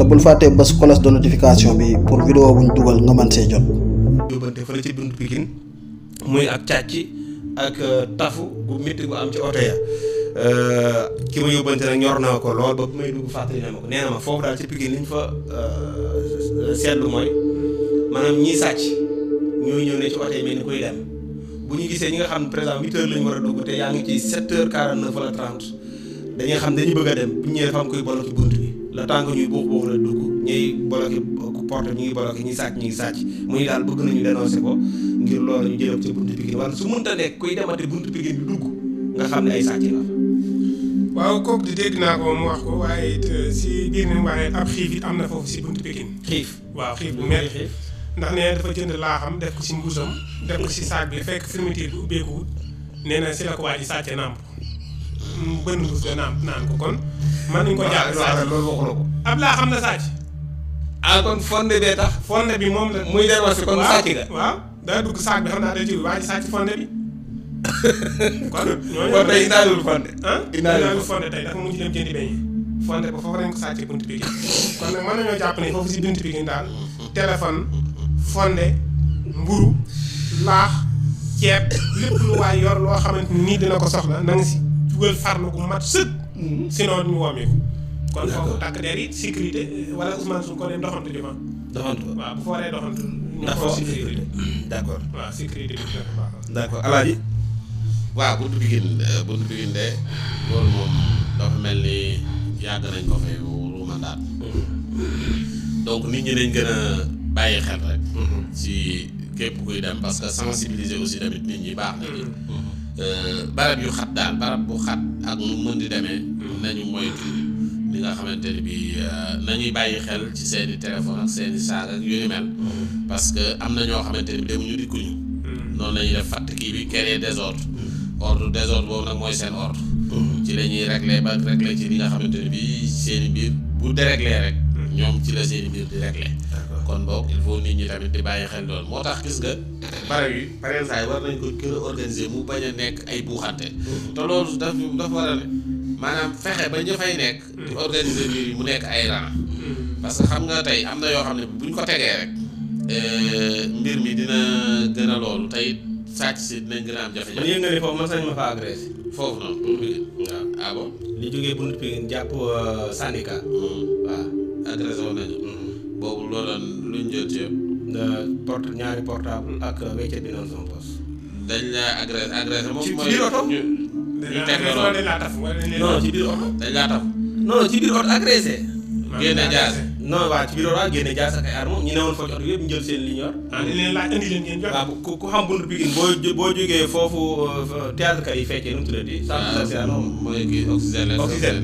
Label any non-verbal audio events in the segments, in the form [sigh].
te bul fàttee bés cloche de notification bi pour vidéo buñ dugal nga man see jot. yóbbante fële ci buntu Pikine muy ak càcc ak euh, tafu bu métti bu am ci oto ya euh, ki ma yóbbante nag ñor na ko lool ba bu may dugg fàttali na ma ko nee na ma foofu daal ci Pikine liñ fa euh, seetlu mooy maanaam ñii sàcc ñooy ñëw ne ci oto yi mel koy dem bu ñu gisee ñu nga xam ne par lañu war a dugg te yaa ngi ci sept heures quarante neuf wala trente dañuy xam dañu bëgg a dem bu ñu ñëwee dafa am koy boloo le temps ñuy buux buux la dugg ñuy bloqué porte ñu ngi bloqué ñuy sàcc ñu ngi ni daal bëgg nañu dénoncé ko ngir loolu ñu jëlab ca buntu Pikine wala su mënta nekk kuy demate buntu Pikine bi dugg nga xam ne ay sàcc la waaw kooku di dégg naa ko mu wax ko waaye euh, si biir nañ waaye ab xiif it am na foofu si buntu Pikine xiif waaw xiif bu mel xiif ndax nee na dafa jënd laaxam def ko si mbuusam def ko si saag bi fekk fermeture bi ubbeekuwut nee na si la ko waa ji sàcce nàmp mën nañu ko jàpp sàcc loolu waxu la ko. Abdoulaye xam na sàcc. ah kon fonde bee tax. fonde bi moom la muy delluwaat si kon sàcc ga. waaw daa dugg saak bi xam naa day ci waa ji sàcc fonde bi. [laughs] kon ñooñu. kon tey indaalul fonde. Ah, foofu lañ ko bi kon nag mën nañoo jàpp ne foofu si buntu bi daal téléphone fonde mburu laax ceeb lépp lu waay yor loo xamante ni dina ko soxla na nga si dugal farlu ku mat sëkk. Mhm. sinon ñu woomee ko. kon foofu takk der yi sécurité euh, wala Ousmane su ko dem doxantu di fa. doxantu ko bu fa waree doxantu. ndax foofu sécurité d' accord waaw buntu Pikine euh, buntu Pikine de loolu moom dafa mel ni yàgg nañ ko fi ru mandaat mhm. donc nit ñi gën a bàyyi xel rek. Mhm. si képp kuy dem parce que sensibiliser aussi tamit nit ñi baax na ci. Euh, barab yu xat daal barab bu xat ak mu mën di demee nañu moytu li nga xamante ne bi euh, nañuy bàyyi xel ci seeni téléphone ak seeni saag ak yu ni mel parce que am na ñoo xamante ne bi demuñu dikkuñu noonu la ñuy def fatt kii bi créer désordre ordre désordre boobu nag mooy seen ordre ci la ñuy réglé ba réglé ci li nga xamante ne bi seeni mbir bu déréglé rek ñoom ci la seeni biir di réglé kon boog il faut nit ñi tamit di bàyyi xel loolu moo tax gis nga barab yi pare saa war nañ ko gën a organiser mu bañ a nekk ay buuxante te loolu daf dafa war a ne maanaam fexe ba ñu nekk di organiser mu nekk ay rang parce que xam nga tey am na yoo xam ne bu ñu ko tegee rek euh, mbir mi dina gën a loolu tey sàcc si dinañ gën a am jafe-jafe. man yëngale foofu man noonu. Mm. ah bon. li jógee bunt Pikine jàpp euh, syndicat. Mm. waaw agressé woon nañu. Mm. jot yëpp. Euh, port ñaari portable ak euh, weccet bi loolu. dañ laa taf wala ci biir oto. dañ laa taf. non ci biir oto agressé. génne jaase. non waa ci biir waa génne jaas ak ay armes ñu newoon fa ci oto yëpp ñu jël seen ah, li ñu yor. dañ leen laaj indi leen ngeen boo boo jógee foofu euh, théâtre yi fekkee nu mu tuddati. waaw moom mooy kii oxygène oxygène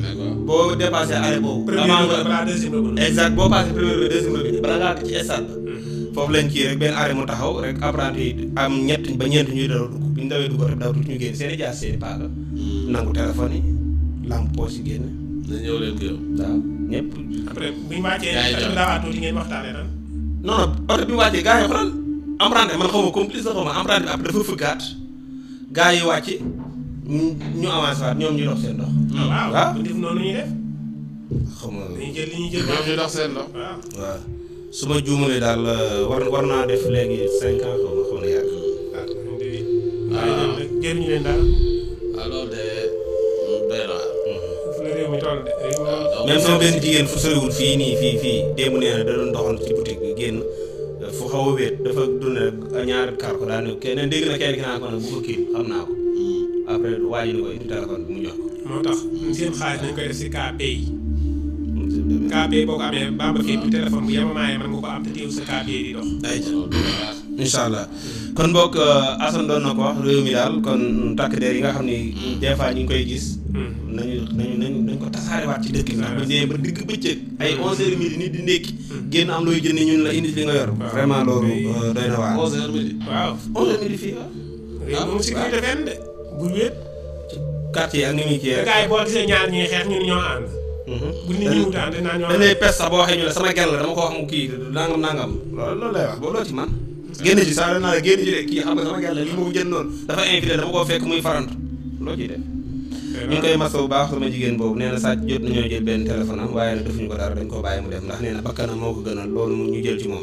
boo dépassé arrêt boobu. avant nga balaa deuxième rëbb. exact boo passé ci hmm. rek benn arrêt mu taxaw rek apprenti yi am ñett ba ñeent ñuy daw dugg bi ñu dawee dugg rek daw tuuti ñu génn seen i seen i hmm. nangu téléphone yi lampe poche yi génn. na ñëpp. après bu ñu wàccee. daa tuuti ngeen waxtaanee lan. non non oto bi wàccee gars yi xoolal emprunté man xaw ma complice la xaw ma emprunté bi après dafa fëggaat gars yi wàcce ñu avancé waat ñoom ah, ah? ñoom ñu dox seen dox. waaw su ma juumalee daal euh, war war naa def léegi cinq ans xaw ma xaw na yàgg. waaw ah, jëriñu leen daal. lool de même sama benn jigéen fu soriwul fii nii fii fii démb nee na da doon doxantu ci boutique bi génn fu xaw a wéet dafa dund rek ñaari kar ko daal kenn dégg na kenn ki naan ko nag bu ko kii xam naa ko hmm. après waa ji ko indi téléphone bi mu jox ko moo tax seen xaalis nañ koy def si kaa pay caabi boo ko amee Bamba Fépp téléphone bu yemamaay man nga ko am te teew sa caabi di dox. incha allah kon boog euh, Assane doon na ko wax réew mi daal kon takk der yi nga xam ni. Mm. des fois koy gis. Mm. nañu nañu nañu nañu ko tasaarewaat ci dëkk bi. waaw ñu ba digg bëccëg. Mm. génn am looy jënd ñun la indi li nga yor. vraiment loolu euh, doy na waar. 11h midi waaw. 11h midi fii waaw. waaw moom si kuy defeen de. bu wéet. ci ak ni muy kii rek. gars ñoo ànd. bu nit ñi wutee naa ñu. dañ lay pes sax boo waxee ñu ne sama gel ko loo ci man génn ji saa naa dafa invité dama koo muy farantu loo ciy def. ñu ngi bu baax sama jigéen boobu nee na sàcc jot nañoo jël benn am waaye nag defuñu ko ko bàyyi mu dem ndax nee na bakkanam moo ko gënal loolu ñu jël ci moom